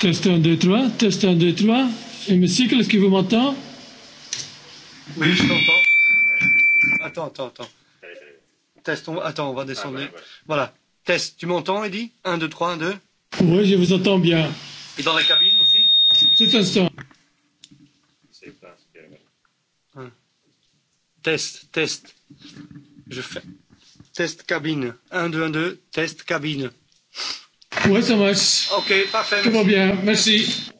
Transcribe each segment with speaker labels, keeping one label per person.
Speaker 1: Test 1,
Speaker 2: 2, 3, test 1, 2, 3. Et monsieur, est-ce qu'il vous m'entend
Speaker 1: Oui, je t'entends. Attends, attends, attends. Test, on... Attends, on va descendre. Ah, ouais, ouais. Voilà. Test, tu m'entends, Eddy 1, 2, 3, 1, 2.
Speaker 2: Oui, je vous entends bien. Et dans la cabine aussi Cet instant.
Speaker 1: Un. Test, test. Je fais. Test cabine. 1, 2, 1, 2. Test cabine. Ouais, ça Ok, parfait. Tout va bien. Merci.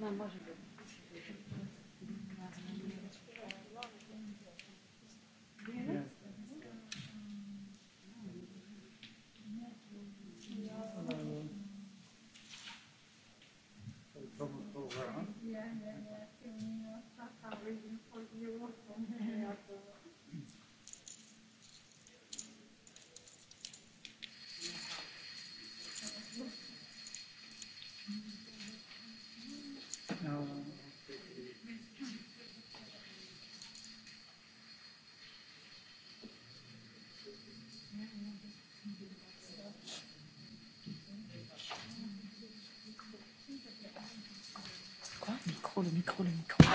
Speaker 2: Non, moi je veux. micro, le micro.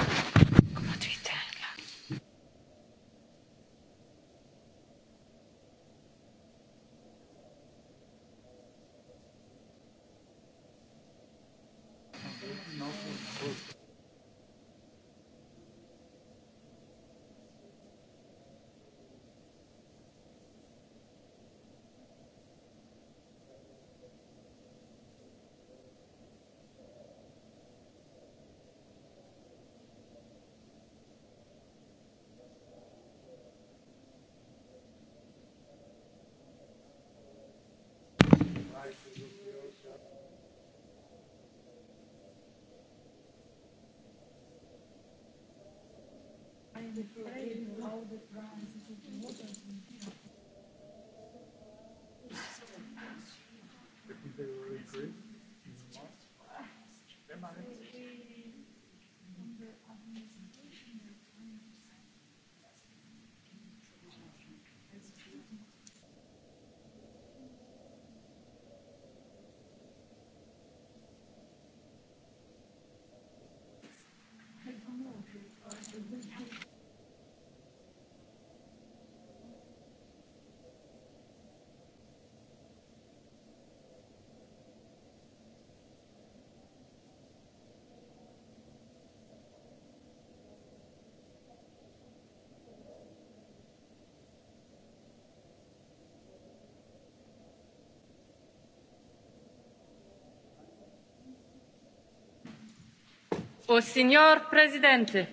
Speaker 1: O signor
Speaker 2: presidente.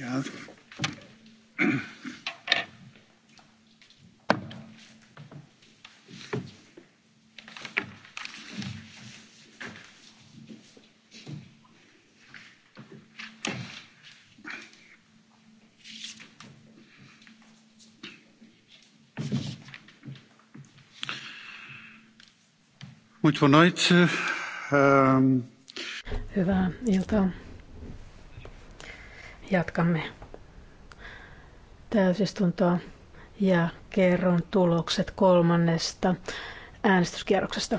Speaker 1: Ja. Muito boa noite. Um...
Speaker 2: Hyvää iltaa. Jatkamme täysistuntoa ja kerron tulokset kolmannesta äänestyskierroksesta.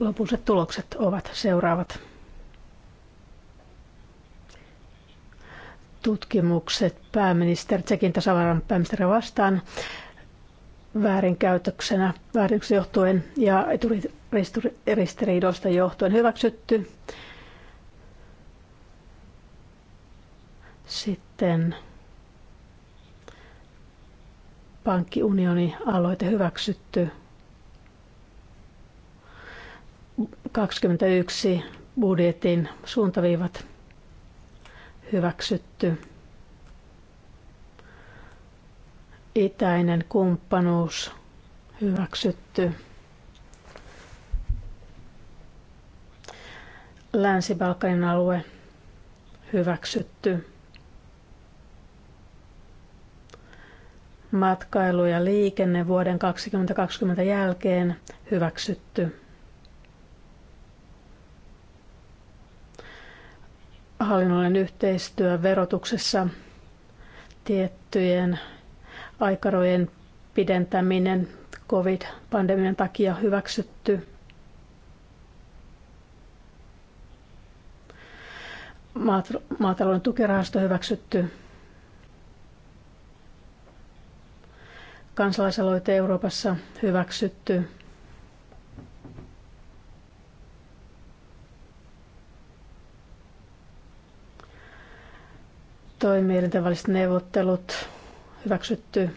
Speaker 2: Lopulliset tulokset ovat seuraavat. tutkimukset pääministeri, Tsekin tasavallan pääministeriä vastaan väärinkäytöksenä, väärinkäytöksen johtuen ja eturistiriidoista johtuen hyväksytty. Sitten pankkiunioni aloite hyväksytty. 21 budjetin suuntaviivat hyväksytty. Itäinen kumppanuus hyväksytty. Länsi-Balkanin alue hyväksytty. Matkailu ja liikenne vuoden 2020 jälkeen hyväksytty. Hallinnollinen yhteistyö verotuksessa tiettyjen aikarojen pidentäminen COVID-pandemian takia hyväksytty. Maatalouden tukirahasto hyväksytty. Kansalaisaloite Euroopassa hyväksytty. Toimielintävälliset neuvottelut hyväksytty.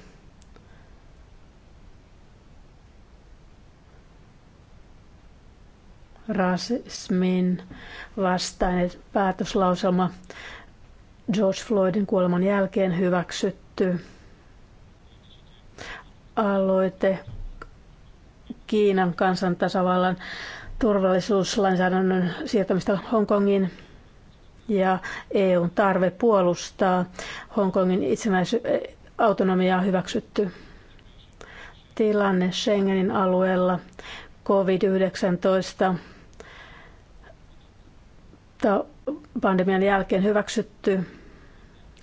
Speaker 2: rasismin vastainen päätöslauselma George Floydin kuoleman jälkeen hyväksytty. Aloite Kiinan kansantasavallan turvallisuuslainsäädännön siirtämistä Hongkongin ja EUn tarve puolustaa Hongkongin itsenäisyyttä autonomiaa hyväksytty. Tilanne Schengenin alueella COVID-19 pandemian jälkeen hyväksytty.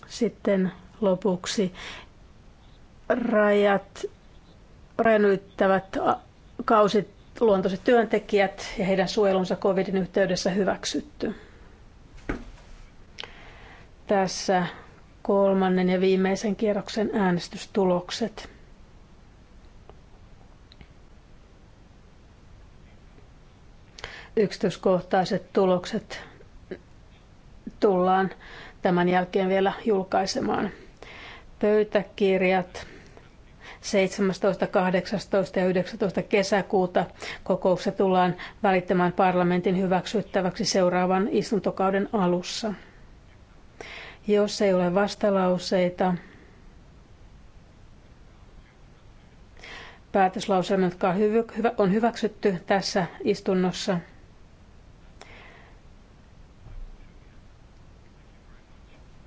Speaker 2: Sitten lopuksi rajat, rajan kausit luontoiset työntekijät ja heidän suojelunsa COVIDin yhteydessä hyväksytty. Tässä kolmannen ja viimeisen kierroksen äänestystulokset. Yksityiskohtaiset tulokset tullaan tämän jälkeen vielä julkaisemaan. Pöytäkirjat 17, 18 ja 19 kesäkuuta kokoukset tullaan välittämään parlamentin hyväksyttäväksi seuraavan istuntokauden alussa. Jos ei ole vastalauseita, päätöslauselmat, jotka on hyväksytty tässä istunnossa.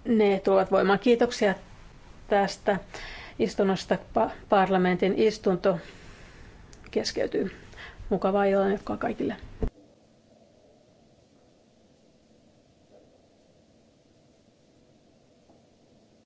Speaker 2: Ne tulevat voimaan. Kiitoksia tästä istunnosta. Parlamentin istunto keskeytyy. Mukavaa illan kaikille.